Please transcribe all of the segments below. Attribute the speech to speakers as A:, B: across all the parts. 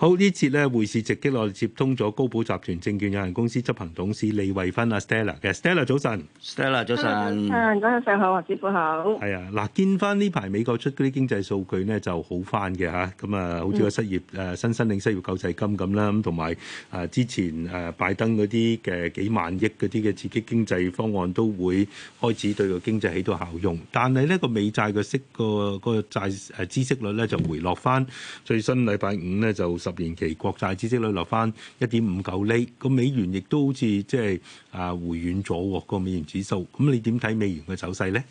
A: 好，呢次咧匯市直擊，落接通咗高寶集團證券有限公司執行董事李慧芬啊 Stella 嘅 Stella 早晨，Stella 早晨。Stella，早大家上
B: 午，黃師傅好。
A: 係 啊，嗱，見翻呢排美國出嗰啲經濟數據呢就好翻嘅吓，咁啊，好似個失業誒、啊、新申領失業救濟金咁啦，咁同埋啊，啊之前誒、啊、拜登嗰啲嘅幾萬億嗰啲嘅刺激經濟方案都會開始對個經濟起到效用，但係呢個美債嘅息個、啊那個債誒孳、啊、息率咧就回落翻，最新禮拜五呢。就。十年期國債孳息率落翻一點五九厘，個美元亦都好似即係啊回軟咗喎，個、哦、美元指數。咁你點睇美元嘅走勢呢？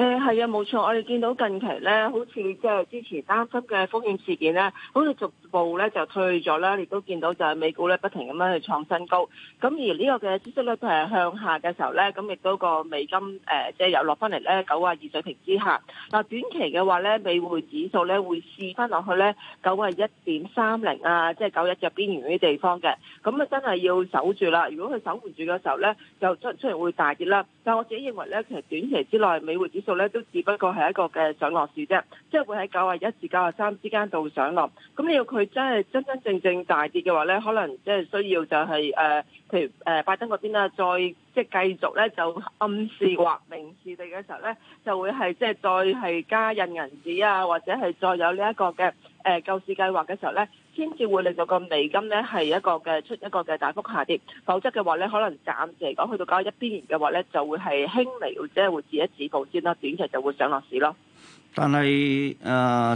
B: 誒係啊，冇、嗯、錯，我哋見到近期咧，好似即係之前擔心嘅風險事件咧，好似逐步咧就退咗啦。亦都見到就係美股咧不停咁樣去創新高。咁而呢個嘅指數咧佢係向下嘅時候咧，咁亦都個美金誒即係又落翻嚟咧九啊二水平之下。嗱短期嘅話咧，美匯指數咧會試翻落去咧九啊一點三零啊，即係九一入邊緣啲地方嘅。咁啊真係要守住啦。如果佢守唔住嘅時候咧，就出出嚟會大跌啦。但係我自己認為咧，其實短期之內美匯指數咧都只不過係一個嘅上落市啫，即係會喺九啊一至九啊三之間度上落。咁你要佢真係真真正正大跌嘅話咧，可能即係需要就係誒，譬如誒拜登嗰邊啊，再即係繼續咧就暗示或明示地嘅時候咧，就會係即係再係加印銀紙啊，或者係再有呢一個嘅誒救市計劃嘅時候咧，先至會令到個美金咧係一個嘅出一個嘅大幅下跌，否則嘅話咧，可能暫時嚟講去到搞一邊緣嘅話咧，就會係輕微或者係會止一止步先啦，短期就會上落市咯。
C: 但係誒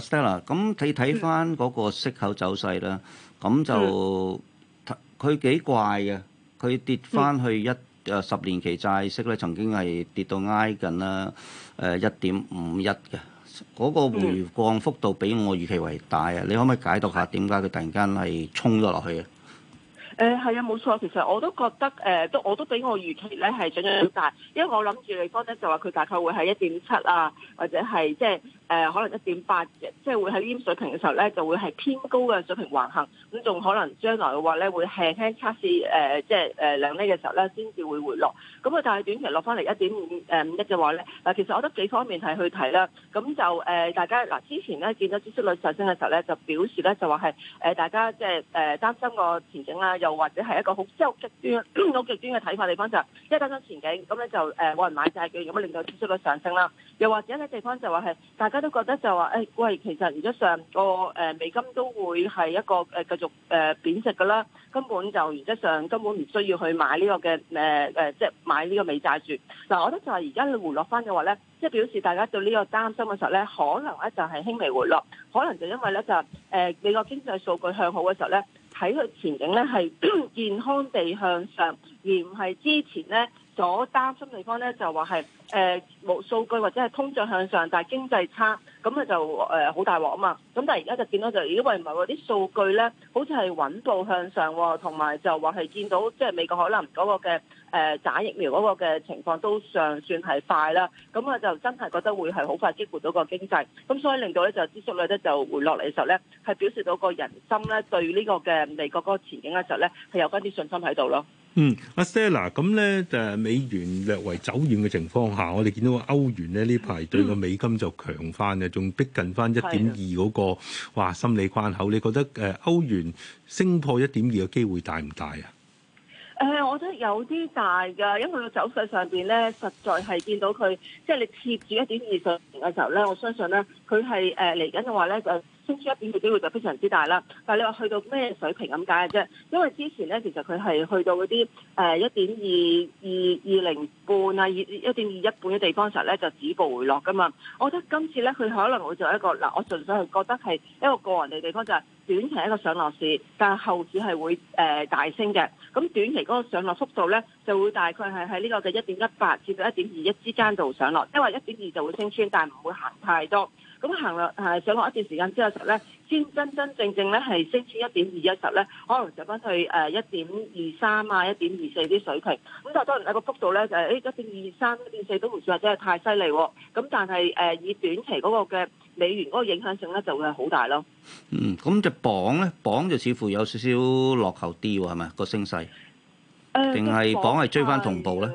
C: Stella，咁睇睇翻嗰個息口走勢啦，咁就佢幾怪嘅，佢跌翻去一誒十年期債息咧，曾經係跌到挨緊啦，誒一點五一嘅。嗰個回降幅度比我預期為大啊！你可唔可以解讀下點解佢突然間係衝咗落去啊？
B: 誒係啊，冇錯，其實我都覺得誒，都、呃、我都比我預期咧係漲得大，因為我諗住地方咧就話佢大概會係一點七啊，或者係即係。誒、呃、可能一點八嘅，即係會喺呢啲水平嘅時候咧，就會係偏高嘅水平橫行，咁仲可能將來嘅話咧，會輕輕測試誒，即係誒兩釐嘅時候咧，先至會回落。咁啊，但係短期落翻嚟一點五誒五一嘅話咧，嗱，其實我覺得幾方面係去睇啦。咁就誒、呃、大家嗱，之前咧見到孳息率上升嘅時候咧，就表示咧就話係誒大家即係誒擔心個前景啦，又或者係一個好周極端、好極 端嘅睇法地方就係即係擔心前景，咁咧就誒冇、呃、人買債券，咁令到孳息率上升啦。又或者有啲地方就話、是、係大家都覺得就話，誒、欸、喂，其實原則上個誒、呃、美金都會係一個誒、呃、繼續誒、呃、貶值嘅啦，根本就原則上根本唔需要去買呢、這個嘅誒誒，即係買呢個美債住。嗱，我覺得就話而家你回落翻嘅話咧，即、就、係、是、表示大家對呢個擔心嘅時候咧，可能咧就係輕微回落，可能就因為咧就誒、是、你、呃、美國經濟數據向好嘅時候咧，喺個前景咧係 健康地向上，而唔係之前咧，所擔心地方咧就話係誒冇數據或者係通脹向上，但係經濟差，咁啊就誒好、呃、大鑊啊嘛。咁但係而家就見到就因為唔係話啲數據咧，好似係穩步向上，同埋就話係見到即係美國可能嗰個嘅誒打疫苗嗰個嘅情況都尚算係快啦。咁啊就真係覺得會係好快激活到個經濟，咁所以令到咧就通縮率咧就回落嚟嘅時候咧，係表示到個人心咧對呢、呢個嘅美國嗰個前景嘅時候咧係有翻啲信心喺度咯。
A: 嗯，阿 Sarah 咁咧，誒美元略為走軟嘅情況下，我哋見到歐元咧呢排對美、嗯嗰個美金就強翻啊，仲逼近翻一點二嗰個哇心理關口。你覺得誒歐、呃、元升破一點二嘅機會大唔大啊？
B: 誒、呃，我覺得有啲大㗎，因為佢個走勢上邊咧，實在係見到佢，即係你貼住一點二水平嘅時候咧，我相信咧，佢係誒嚟緊嘅話咧，就升出一點嘅機會就非常之大啦。但係你話去到咩水平咁解嘅啫？因為之前咧，其實佢係去到嗰啲誒一點二二二零半啊，二一點二一半嘅地方時候咧，就止步回落㗎嘛。我覺得今次咧，佢可能會做一個嗱，我純粹係覺得係一個個人嘅地方就係、是，短期一個上落市，但係後市係會誒、呃、大升嘅。咁短期嗰個上落速度咧，就會大概係喺呢個嘅一點一八至到一點二一之間度上落，因為一點二就會升穿，但係唔會行太多。咁行落係上落一段時間之後，實咧先真真正正咧係升至一點二一十咧，可能就翻去誒一點二三啊、一點二四啲水平。咁但係當然喺個幅度咧就係誒一點二三、一點四都唔算話真係太犀利。咁但係誒以短期嗰個嘅美元嗰個影響性咧就會係好大咯。嗯，
C: 咁隻鎊咧鎊就似乎有少少落後啲喎，係咪個升勢？
B: 誒，定係鎊係追
C: 翻同步咧？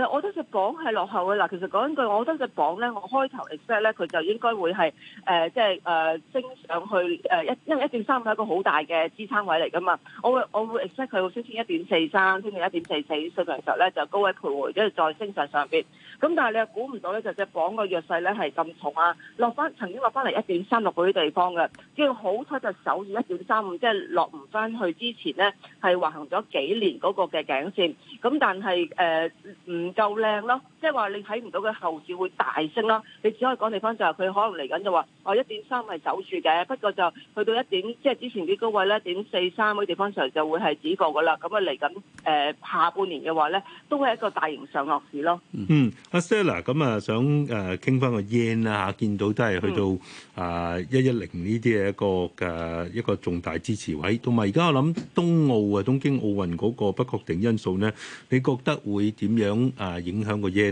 B: 誒， 我覺得隻鎊係落後嘅喇。其實講一句，我覺得隻鎊咧，我開頭 expect 咧，佢就應該會係誒，即係誒升上去誒，一因為一點三五係一個好大嘅支撐位嚟㗎嘛。我會我會 expect 佢升先一點四三，升至一點四四水平時候咧，就高位徘徊，跟住再升上上邊。咁但係你又估唔到咧，就隻鎊個弱勢咧係咁重啊，落翻曾經落翻嚟一點三六嗰啲地方嘅。只要好彩就守住一點三五，即係落唔翻去之前咧，係橫行咗幾年嗰個嘅頸線。咁但係誒，嗯、呃。呃呃呃呃唔夠靚咯～.即係話你睇唔到佢後市會大升啦，你只可以講地方就係佢可能嚟緊就話啊一點三係走住嘅，不過就去到一點，即係之前啲高位咧一點四三嗰啲地方上就會係止過噶啦。咁啊嚟緊誒下半年嘅話咧，都係一個大型上落市咯。嗯，
A: 阿 Stella 咁啊想誒傾翻個 yen 啦嚇，見到都係去到啊一一零呢啲嘅一個誒一個重大支持位，同埋而家我諗東奧啊東京奧運嗰個不確定因素咧，你覺得會點樣啊影響個 yen？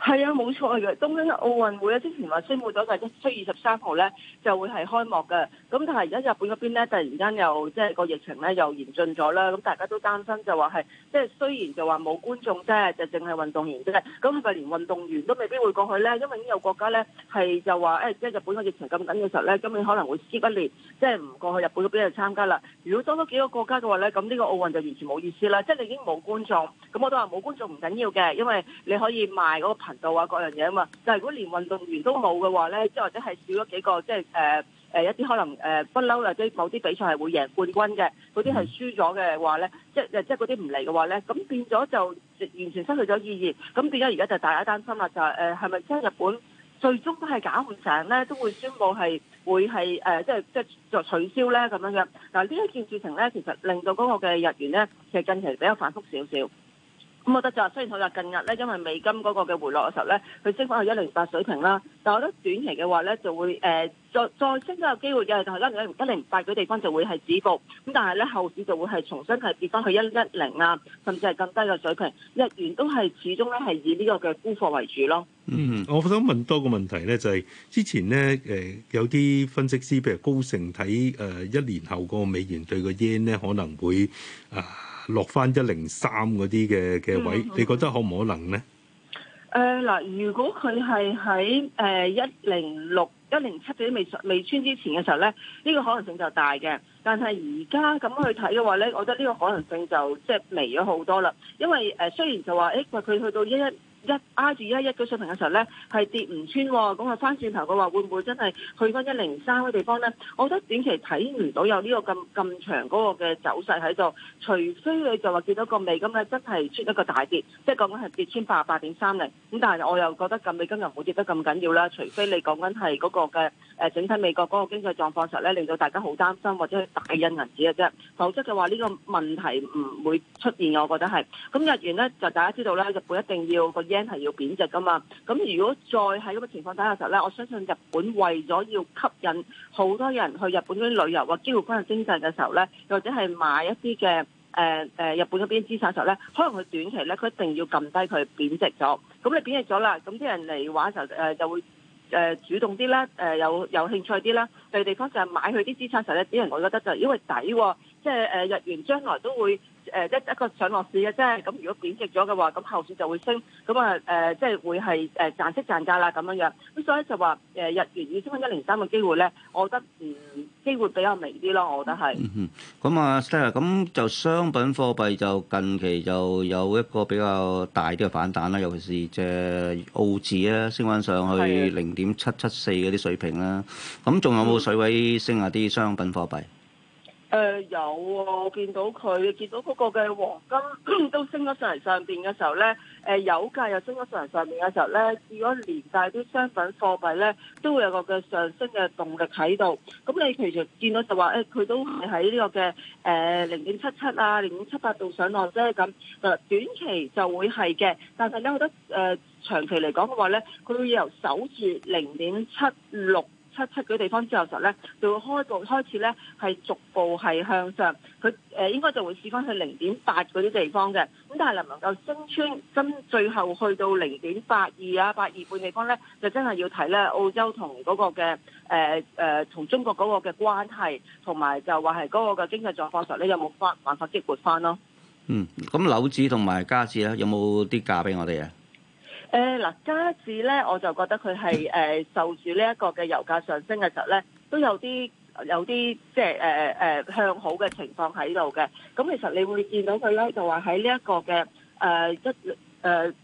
B: 係啊，冇錯嘅。東京奧運會咧，之前話宣布咗就係七月十三號咧就會係開幕嘅。咁但係而家日本嗰邊咧，突然間又即係、就是、個疫情咧又嚴峻咗啦。咁大家都擔心就話係即係雖然就話冇觀眾啫，就淨係運動員啫。咁佢連運動員都未必會過去咧，因為已經有國家咧係就話誒，即、欸、係日本個疫情咁緊嘅時候咧，今年可能會休一年，即係唔過去日本嗰邊度參加啦。如果多咗幾個國家嘅話咧，咁呢個奧運就完全冇意思啦。即、就、係、是、你已經冇觀眾，咁我都話冇觀眾唔緊要嘅，因為你可以賣嗰度啊，各樣嘢啊嘛，但係如果連運動員都冇嘅話咧，即係或者係少咗幾個，即係誒誒一啲可能誒不嬲或者某啲比賽係會贏冠軍嘅，嗰啲係輸咗嘅話咧，即係即係嗰啲唔嚟嘅話咧，咁變咗就完全失去咗意義。咁變咗而家就大家擔心啦，就係誒係咪即係日本最終都係搞唔成咧，都會宣布係會係誒即係即係就取消咧咁樣嘅嗱，呢一件事情咧，其實令到嗰個嘅日元咧，其實近期比較反覆少少。我覺得就雖然佢話近日咧，因為美金嗰個嘅回落嘅時候咧，佢升翻去一零八水平啦。但係我覺得短期嘅話咧，就會誒再再升都有機會嘅，但係一零一零八嗰地方就會係止步。咁但係咧，後市就會係重新係跌翻去一一零啊，甚至係更低嘅水平。日元都係始終咧係以呢個嘅沽貨為主咯。嗯，
A: 我想問多個問題咧，就係之前咧誒有啲分析師，譬如高盛睇誒一年後個美元對個 yen 咧，可能會啊。落翻一零三嗰啲嘅嘅位，嗯、你覺得可唔可能呢？
B: 誒嗱、呃，如果佢係喺誒一零六、一零七嗰啲未穿、未穿之前嘅時候呢，呢、呢個可能性就大嘅。但係而家咁去睇嘅話呢，我覺得呢個可能性就即係、就是、微咗好多啦。因為誒、呃、雖然就話誒佢去到一一。一挨住一一嗰水平嘅時候咧，係跌唔穿，咁啊翻轉頭嘅話，會唔會真係去翻一零三嘅地方咧？我覺得短期睇唔到有呢個咁咁長嗰個嘅走勢喺度，除非你就話跌到個美金咧真係出一個大跌，即係講緊係跌穿八十八點三零。咁但係我又覺得咁，美金又唔會跌得咁緊要啦。除非你講緊係嗰個嘅誒整體美國嗰個經濟狀況實咧令到大家好擔心，或者係大印銀紙嘅啫。否則嘅話，呢個問題唔會出現嘅，我覺得係。咁日元咧就大家知道咧，日本一定要個。yen 係要貶值㗎嘛？咁如果再喺咁嘅情況底下嘅時候咧，我相信日本為咗要吸引好多人去日本嗰啲旅遊或機會進行經濟嘅時候咧，或者係買一啲嘅誒誒日本嗰邊資產時候咧，可能佢短期咧佢一定要撳低佢貶值咗。咁你貶值咗啦，咁啲人嚟玩嘅時候誒就會誒主動啲啦，誒有有興趣啲啦。第二地方就係買佢啲資產時候咧，啲人我覺得就因為抵，即係誒日元將來都會。誒一、呃、一個上落市嘅，即係咁。如果貶值咗嘅話，咁後市就會升，咁啊誒，即係會係誒賺息賺價啦咁樣樣。咁所以就話誒、呃、日元要升翻一零三嘅機會咧，我覺得嗯機
C: 會比較微啲咯，我覺得係。嗯哼，咁啊 Stella 咁就商品貨幣就近期就有一個比較大啲嘅反彈啦，尤其是隻澳紙咧升翻上去零點七七四嗰啲水平啦。咁仲的有冇水位升下啲商品貨幣？
B: 誒、呃、有喎、哦，我見到佢見到嗰個嘅黃金 都升咗上嚟上邊嘅時候咧，誒、呃、油價又升咗上嚟上邊嘅時候咧，如果連帶啲商品貨幣咧，都會有個嘅上升嘅動力喺度。咁你其實見到就話誒，佢、欸、都係喺呢個嘅誒零點七七啊，零點七八度上落啫咁。誒短期就會係嘅，但係咧，我覺得誒、呃、長期嚟講嘅話咧，佢會由守住零點七六，七七嗰地方之後，實咧就會開步開始咧，係逐步係向上。佢誒應該就會試翻去零點八嗰啲地方嘅。咁但係能唔能夠升穿跟最後去到零點八二啊八二半地方咧，就真係要睇咧澳洲同嗰個嘅誒誒同中國嗰個嘅關係，同埋就話係嗰個嘅經濟狀況實咧有冇法辦法激活翻咯。嗯，
C: 咁紐紙同埋加紙咧有冇啲價俾我哋啊？
B: 誒嗱，加幣咧，我就覺得佢係誒受住呢一個嘅油價上升嘅時候咧，都有啲有啲即係誒誒向好嘅情況喺度嘅。咁、嗯、其實你會見到佢咧，就話喺呢一、呃呃、個嘅誒一誒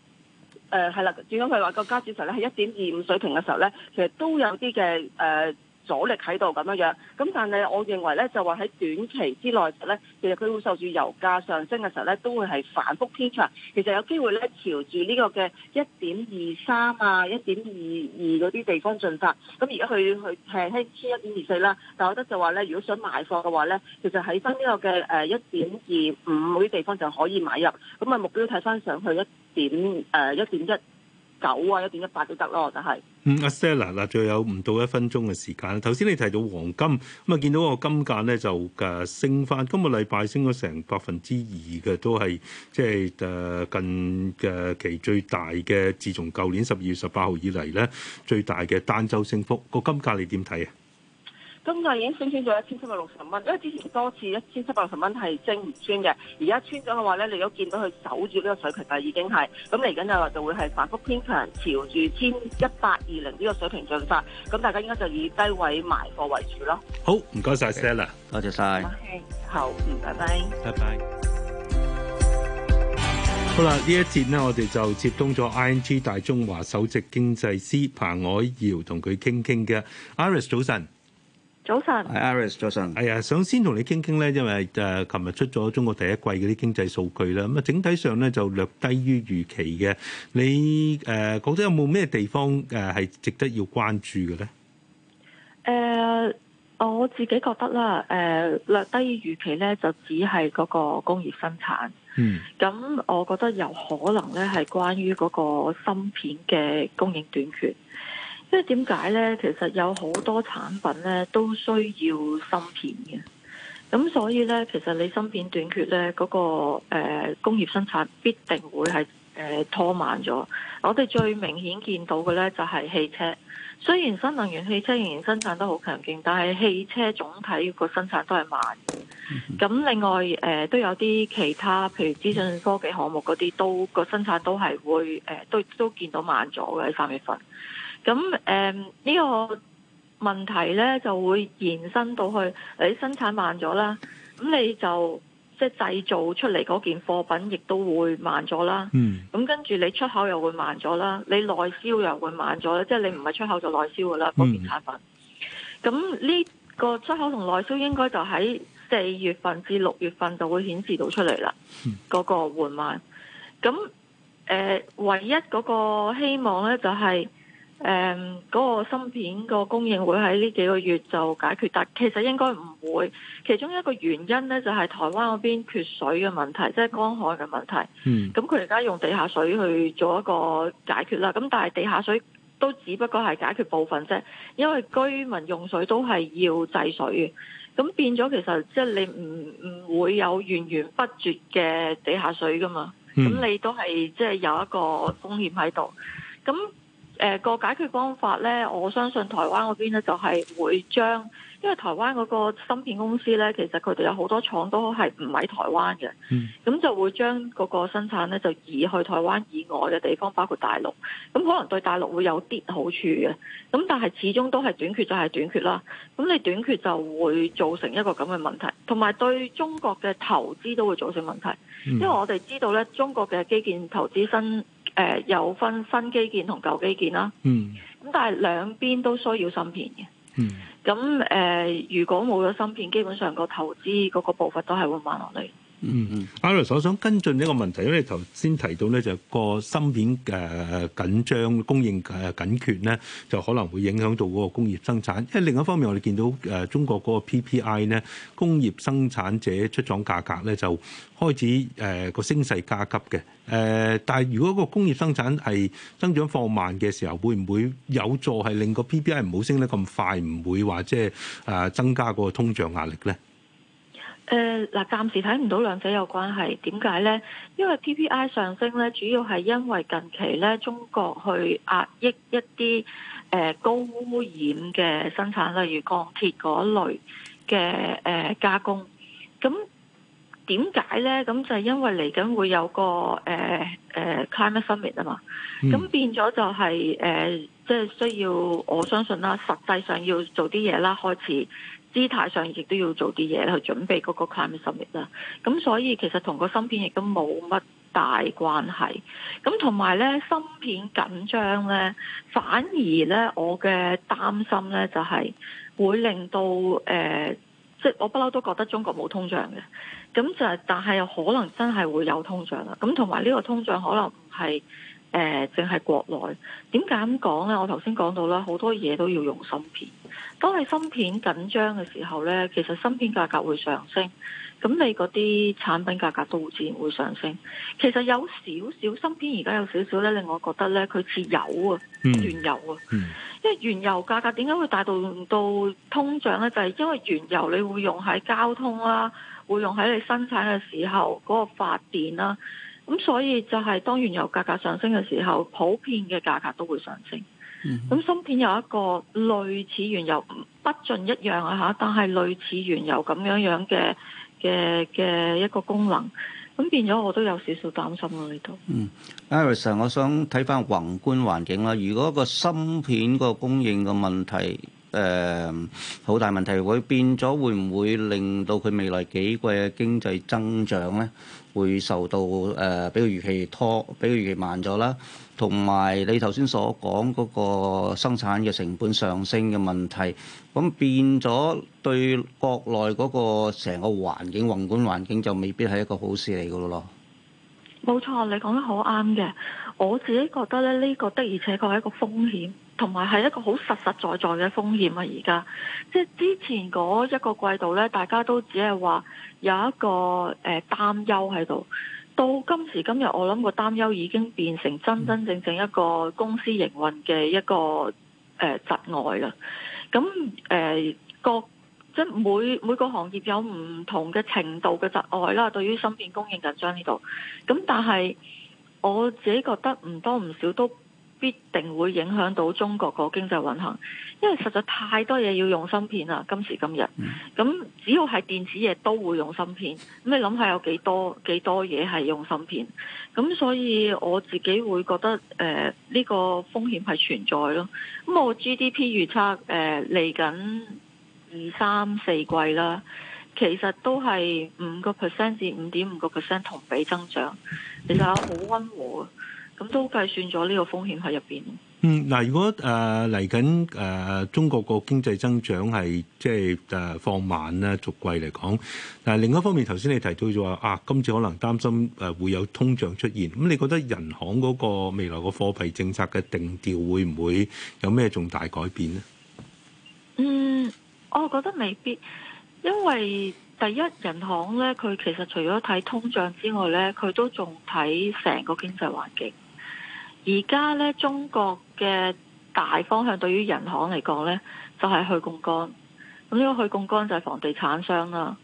B: 誒係啦，見到佢話個加幣時候咧係一點二五水平嘅時候咧，其實都有啲嘅誒。呃阻力喺度咁樣樣，咁但係我認為咧就話喺短期之內咧，其實佢會受住油價上升嘅時候咧，都會係反覆偏強。其實有機會咧，朝住呢個嘅一點二三啊、一點二二嗰啲地方進發。咁而家佢去誒喺千一點二四啦。24，但我覺得就話咧，如果想買貨嘅話咧，其實喺翻呢個嘅誒一點二五嗰啲地方就可以買入。咁啊目標睇翻上去一點誒一點一。九
A: 啊，一點一八都得咯，就係。嗯，阿 Stella 嗱嗱，仲有唔到一分鐘嘅時間。頭先你提到黃金，咁啊見到個金價咧就誒升翻，今個禮拜升咗成百分之二嘅，都係即係誒近嘅期最大嘅，自從舊年十二月十八號以嚟咧最大嘅單周升幅。個金價你點睇啊？
B: 今就已經升穿咗一千七百六十蚊，因為之前多次一千七百六十蚊係升唔穿嘅，而家穿咗嘅話咧，你都見到佢守住呢個水平嘅，但已經係咁嚟緊就話就會係反覆偏強，朝住千一百二零呢個水平進發。咁大家應該就以低位買貨為主咯。
A: 好，唔該晒 Sally，多謝晒。Okay. Okay. 好，嗯，拜拜。拜拜 Bye bye.。好啦，呢一節呢，我哋就接通咗 ING 大中華首席經濟師彭藹嬈，同佢傾傾嘅。Iris，早晨。早晨，係 Aris，早晨。係啊，想先同你傾傾咧，因為誒琴日出咗中國第一季嗰啲經濟數據啦。咁啊，整體上咧就略低於預期嘅。你誒覺得有冇咩地方誒係值得要關注嘅咧？
B: 誒，我自己覺得啦，誒略低於預期咧，就只係嗰個工業生產。嗯。咁我覺得有可能咧，係關於嗰個芯片嘅供應短缺。即係點解呢？其實有好多產品呢都需要芯片嘅。咁所以呢，其實你芯片短缺呢，嗰、那個誒、呃、工業生產必定會係誒、呃、拖慢咗。我哋最明顯見到嘅呢，就係、是、汽車，雖然新能源汽車仍然生產得好強勁，但係汽車總體個生產都係慢。咁另外誒、呃、都有啲其他，譬如資訊科技項目嗰啲，都個生產都係會誒、呃、都都見到慢咗嘅喺三月份。咁誒呢個問題呢就會延伸到去你生產慢咗啦，咁你就即係製造出嚟嗰件貨品，亦都會慢咗啦。嗯。咁跟住你出口又會慢咗啦，你內銷又會慢咗咧，即係你唔係出口就內銷㗎啦，嗰件產品。嗯。咁呢個出口同內銷應該就喺四月份至六月份就會顯示到出嚟啦。嗯。嗰個緩慢。咁、呃、唯一嗰個希望呢就係、是。誒，嗰、嗯嗰個芯片個供應會喺呢幾個月就解決，但其實應該唔會。其中一個原因咧，就係、係、台灣嗰邊缺水嘅問題，即係乾旱嘅問題。嗯。咁佢而家用地下水去做一個解決啦。咁但係地下水都只不過係解決部分啫，因為居民用水都係要制水嘅。咁變咗，其實即係、即係、你唔唔會有源源不絕嘅地下水噶嘛？嗯。咁你都係即係有一個風險喺度，咁。誒、呃那個解決方法咧，我相信台灣嗰邊咧就係會將，因為台灣嗰個芯片公司咧，其實佢哋有好多廠都係唔喺台灣嘅，咁就會將嗰個生產咧就移去台灣以外嘅地方，包括大陸。咁可能對大陸會有啲好處嘅，咁但係始終都係短缺就係短缺啦。咁你短缺就會造成一個咁嘅問題，同埋對中國嘅投資都會造成問題，因為我哋知道咧，中國嘅基建投資新。誒、呃、有分新基建同舊基建啦，嗯，咁但係兩邊都需要芯片嘅，嗯，咁誒、呃、如果冇咗芯片，基本上個投資嗰個步伐都係會慢落嚟。
A: 嗯嗯，阿嚟、嗯，我想跟進呢個問題。因為頭先提到咧就個芯片誒緊張供應誒緊缺咧，就可能會影響到嗰個工業生產。因為另一方面，我哋見到誒中國嗰個 PPI 咧，工業生產者出廠價格咧就開始誒個升勢加急嘅。誒。但係如果個工業生產係增長放慢嘅時候，會唔會有助係令個 PPI 唔好升得咁快，唔會話即係誒增加個通脹壓力咧？
B: 誒，嗱、呃，暫時睇唔到兩者有關係，點解咧？因為 PPI 上升咧，主要係因為近期咧，中國去壓抑一啲誒、呃、高污染嘅生產，例如鋼鐵嗰類嘅誒、呃、加工。咁點解咧？咁就係因為嚟緊會有個誒誒 climate summit 啊嘛。咁、嗯、變咗就係、是、誒，即、呃、係、就是、需要我相信啦，實際上要做啲嘢啦，開始。姿態上亦都要做啲嘢去準備嗰個 climate 啦。咁所以其實同個芯片亦都冇乜大關係。咁同埋呢芯片緊張呢，反而呢我嘅擔心呢，就係、係、會令到誒、即、呃就係、我不嬲都覺得中國冇通脹嘅。咁就但係又可能真係會有通脹啦。咁同埋呢個通脹可能係誒、淨、呃、係國內。點解咁講呢？我頭先講到啦，好多嘢都要用芯片。當你芯片緊張嘅時候呢，其實芯片價格會上升，咁你嗰啲產品價格都會自然會上升。其實有少少芯片而家有少少咧，令我覺得咧，佢似油啊，原油啊，因為原油價格點解會帶動到通脹呢？就係因為原油你會用喺交通啦，會用喺你生產嘅時候嗰個發電啦，咁所以就係當原油價格上升嘅時候，普遍嘅價格都會上升。咁芯片有一個類似原油不盡一樣啊嚇，但係類似原油咁樣樣嘅嘅嘅一個功能，咁變咗我都有少少擔心咯呢度。
C: 嗯，Iris，我想睇翻宏觀環境啦。如果個芯片個供應嘅問題誒好大問題，會變咗會唔會令到佢未來幾季嘅經濟增長咧，會受到誒比個預期拖，比個預期慢咗啦？同埋你頭先所講嗰個生產嘅成本上升嘅問題，咁變咗對國內嗰個成個環境宏觀環境就未必係一個好事嚟嘅咯。
B: 冇錯，你講得好啱嘅，我自己覺得咧，呢、這個的而且確係一個風險，同埋係一個好實實在在嘅風險啊！而家即係之前嗰一個季度咧，大家都只係話有一個誒、呃、擔憂喺度。到今時今日，我諗個擔憂已經變成真真正正一個公司營運嘅一個誒、呃、窒礙啦。咁誒個即係每每個行業有唔同嘅程度嘅窒礙啦。對於芯片供應緊張呢度，咁但係我自己覺得唔多唔少都，必定會影響到中國個經濟運行，因為實在太多嘢要用芯片啦。今時今日，咁只要係電子嘢都會用芯片。咁你諗下有幾多幾多嘢係用芯片？咁所以我自己會覺得誒呢個風險係存在咯。咁我 GDP 預測誒嚟緊二三四季啦，其實都係五個 percent 至五點五個 percent 同比增長，其實好溫和。咁都計算咗呢個風險喺
A: 入邊。嗯，嗱，如果誒嚟緊誒中國個經濟增長係即係誒、呃、放慢咧，逐季嚟講。但、呃、係另一方面，頭先你提到咗話啊，今次可能擔心誒、呃、會有通脹出現。咁你覺得人行嗰個未來個貨幣政策嘅定調會唔會有咩重大改變呢？
B: 嗯，我覺得未必，因為第一人行咧，佢其實除咗睇通脹之外咧，佢都仲睇成個經濟環境。而家咧，中國嘅大方向對於人行嚟講咧，就係、是、去槓桿。咁呢個去槓桿就係房地產商啦。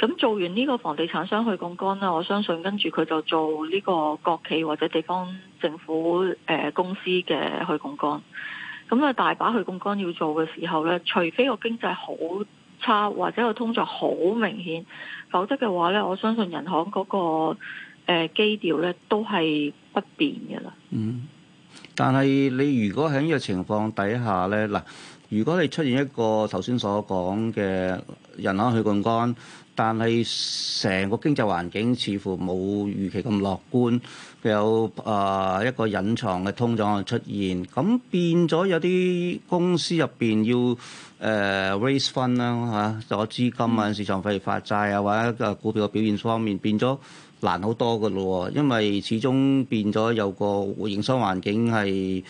B: 咁做完呢個房地產商去槓桿啦，我相信跟住佢就做呢個國企或者地方政府誒、呃、公司嘅去槓桿。咁啊，大把去槓桿要做嘅時候咧，除非個經濟好差或者個通脹好明顯，否則嘅話咧，我相信人行嗰、那個、呃、基調咧都係。不
C: 變嘅啦。嗯，但係你如果喺呢個情況底下咧，嗱，如果你出現一個頭先所講嘅銀行去槓桿，但係成個經濟環境似乎冇預期咁樂觀，佢有啊、呃、一個隱藏嘅通脹嘅出現，咁變咗有啲公司入邊要誒、呃、raise fund 啦、啊、嚇，攞、啊、資金啊，市場費發債啊，或者個股票嘅表現方面變咗。難好多嘅咯，因為始終變咗有個營商環境係誒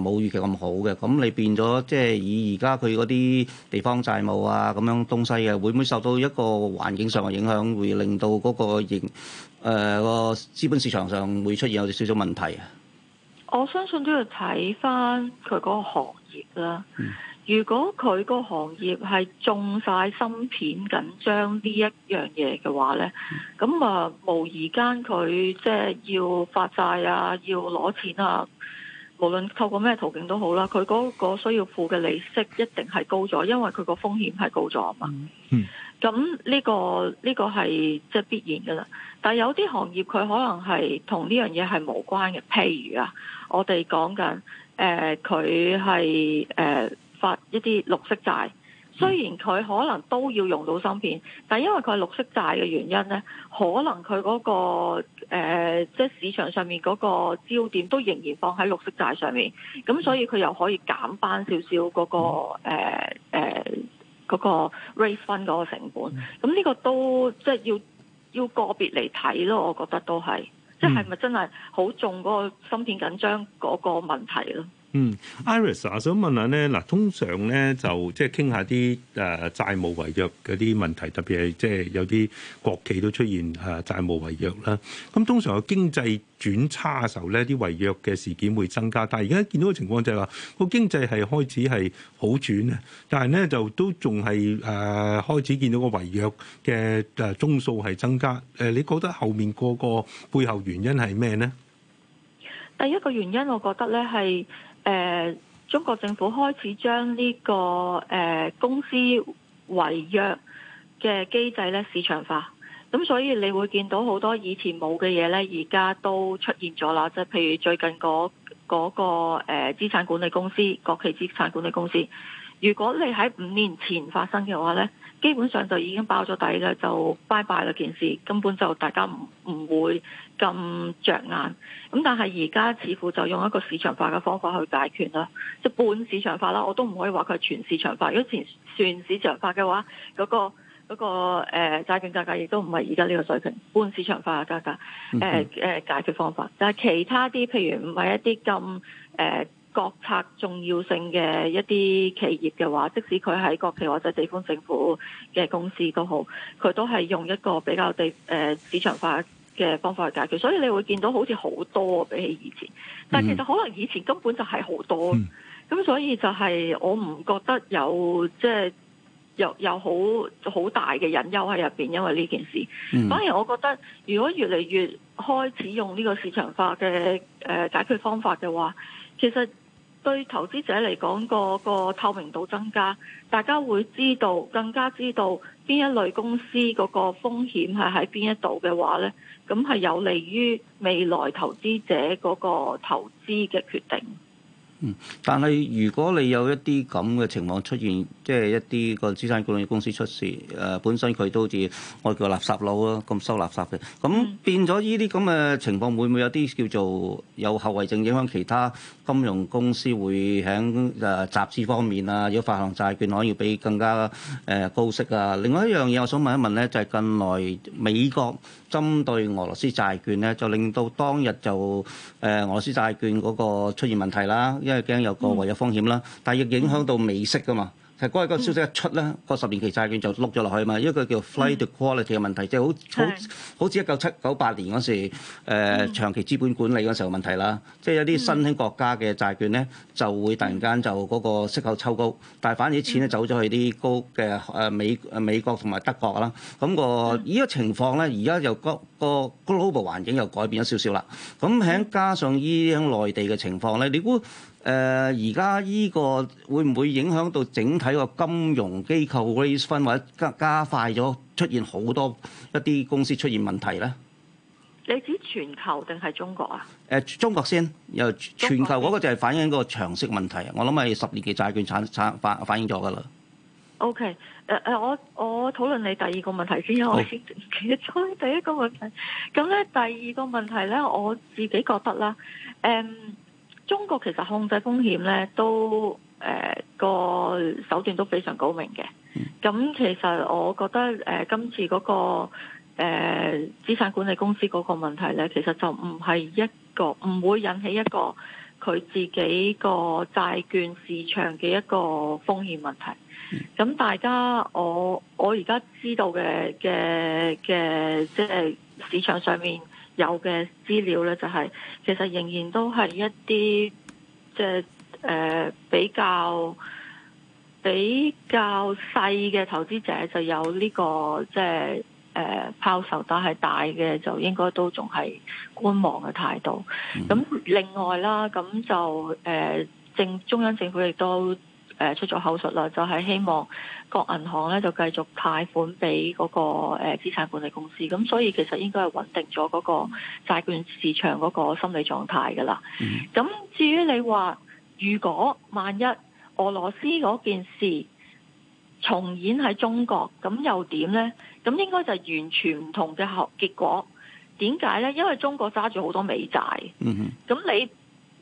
C: 冇預期咁好嘅，咁你變咗即係以而家佢嗰啲地方債務啊咁樣東西啊，會唔會受到一個環境上嘅影響，會令到嗰個營誒、呃嗰個資本市場上會出現有少少問題啊？
B: 我相信都要睇返佢嗰個行業啦。嗯。如果佢個行業係中晒芯片緊張呢一樣嘢嘅話呢，咁啊無疑間佢即係要發債啊，要攞錢啊，無論透過咩途徑都好啦，佢嗰個需要付嘅利息一定係高咗，因為佢個風險係高咗嘛。嗯，咁呢個呢個係即係必然噶啦。但係有啲行業佢可能係同呢樣嘢係無關嘅，譬如啊，我哋講緊誒，佢係誒。發一啲綠色債，雖然佢可能都要用到芯片，但因為佢係綠色債嘅原因呢，可能佢嗰、那個誒、呃，即係市場上面嗰個焦點都仍然放喺綠色債上面，咁所以佢又可以減翻少少嗰、那個誒誒、呃呃那個 raise fund 嗰個成本。咁呢個都即係要要個別嚟睇咯，我覺得都係，
D: 即
A: 係
B: 咪真係好重嗰個芯片緊張嗰個問題咯？
A: 嗯，Iris 啊，我想問下咧，嗱，通常咧就即係傾下啲誒債務違約嗰啲問題，特別係即係有啲國企都出現誒債務違約啦。咁通常個經濟轉差嘅時候咧，啲違約嘅事件會增加。但係而家見到嘅情況就係話個經濟係開始係好轉啊，但係咧就都仲係誒開始見到個違約嘅誒宗數係增加。誒，你覺得後面個個背後原因係咩咧？第一個原
B: 因，我覺得咧係。誒、嗯，中國政府開始將呢個誒、呃、公司違約嘅機制咧市場化，咁所以你會見到好多以前冇嘅嘢咧，而家都出現咗啦。即係譬如最近嗰個、嗰個誒、呃、資產管理公司，國企資產管理公司，如果你喺五年前發生嘅話咧。基本上就已經爆咗底啦，就拜拜啦！件事根本就大家唔唔會咁着眼。咁但係而家似乎就用一個市場化嘅方法去解決啦，即半市場化啦。我都唔可以話佢係全市場化。如果全全市場化嘅話，嗰個嗰個誒債券價格亦都唔係而家呢個水平。半市場化嘅價格，誒誒解決方法。但係其他啲，譬如唔係一啲咁誒。呃國策重要性嘅一啲企業嘅話，即使佢喺國企或者地方政府嘅公司都好，佢都係用一個比較地誒、呃、市場化嘅方法去解決，所以你會見到好似好多比起以前，但其實可能以前根本就係好多，咁、嗯、所以就係我唔覺得有即係、就是、有有好好大嘅隱憂喺入邊，因為呢件事，嗯、反而我覺得如果越嚟越開始用呢個市場化嘅誒、呃、解決方法嘅話，其實。對投資者嚟講，嗰個個透明度增加，大家會知道更加知道邊一類公司嗰個風險係喺邊一度嘅話呢，咁係有利於未來投資者嗰個投資嘅決定。
C: 嗯，但係如果你有一啲咁嘅情況出現，即係一啲個資產管理公司出事，誒、呃、本身佢都好似我叫垃圾佬咯，咁收垃圾嘅，咁變咗呢啲咁嘅情況會唔會有啲叫做有後遺症影響其他金融公司會喺誒集資方面啊，如果發行債券可以俾更加誒高息啊？另外一樣嘢我想問一問咧，就係、是、近來美國。針對俄羅斯債券咧，就令到當日就誒、呃、俄羅斯債券嗰個出現問題啦，因為驚有個違約風險啦，嗯、但亦影響到美息㗎嘛。其實嗰個消息一出咧，個、嗯、十年期債券就碌咗落去嘛，一個叫 flight quality 嘅問題，即係、嗯、好好好似一九七九八年嗰時，誒、呃嗯、長期資本管理嗰時候問題啦，即係一啲新興國家嘅債券咧就會突然間就嗰個息口抽高，但係反而啲錢咧走咗去啲高嘅誒美誒美國同埋德國啦，咁、嗰個依家情況咧，而家又個個 global 環境又改變咗少少啦，咁喺加上依喺內地嘅情況咧，你估？誒，而家呢個會唔會影響到整體個金融機構 risk 分或者加快咗出現好多一啲公司出現問題咧？
B: 你指全球定係中國啊？
C: 誒、呃，中國先，又全球嗰個就係反映個長息問題，我諗係十年期債券產產反反映咗㗎喇。OK，誒
B: 誒，我我討論你第二個問題先，我先結束第一個問題。咁咧，第二個問題咧，我自己覺得啦，誒、嗯。中國其實控制風險咧，都誒、呃、個手段都非常高明嘅。咁其實我覺得誒、呃、今次嗰、那個誒、呃、資產管理公司嗰個問題咧，其實就唔係一個唔會引起一個佢自己個債券市場嘅一個風險問題。咁大家我我而家知道嘅嘅嘅，即係、就是、市場上面。有嘅資料咧、就是，就係其實仍然都係一啲即係誒、呃、比較比較細嘅投資者就有呢、這個即係誒、呃、拋售但，但係大嘅就應該都仲係觀望嘅態度。咁、嗯、另外啦，咁就誒政、呃、中央政府亦都。誒出咗口述啦，就係、是、希望各銀行咧就繼續貸款俾嗰個誒資產管理公司，咁所以其實應該係穩定咗嗰個債券市場嗰個心理狀態噶啦。咁、mm hmm. 至於你話，如果萬一俄羅斯嗰件事重演喺中國，咁又點呢？咁應該就係完全唔同嘅結結果。點解呢？因為中國揸住好多美債，咁、mm hmm. 你？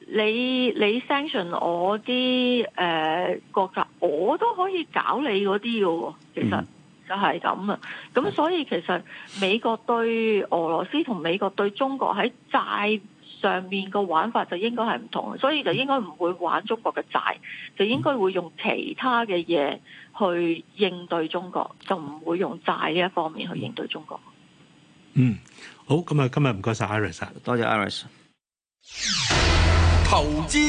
B: 你你 sanction 我啲誒、呃、國家，我都可以搞你嗰啲嘅喎。其實就係咁啊。咁所以其實美國對俄羅斯同美國對中國喺債上面個玩法就應該係唔同，所以就應該唔會玩中國嘅債，就應該會用其他嘅嘢去應對中國，就唔會用債呢一方面去應對中國。嗯，
A: 好咁啊，今日唔該晒，Iris，多謝 Iris。
D: 投資。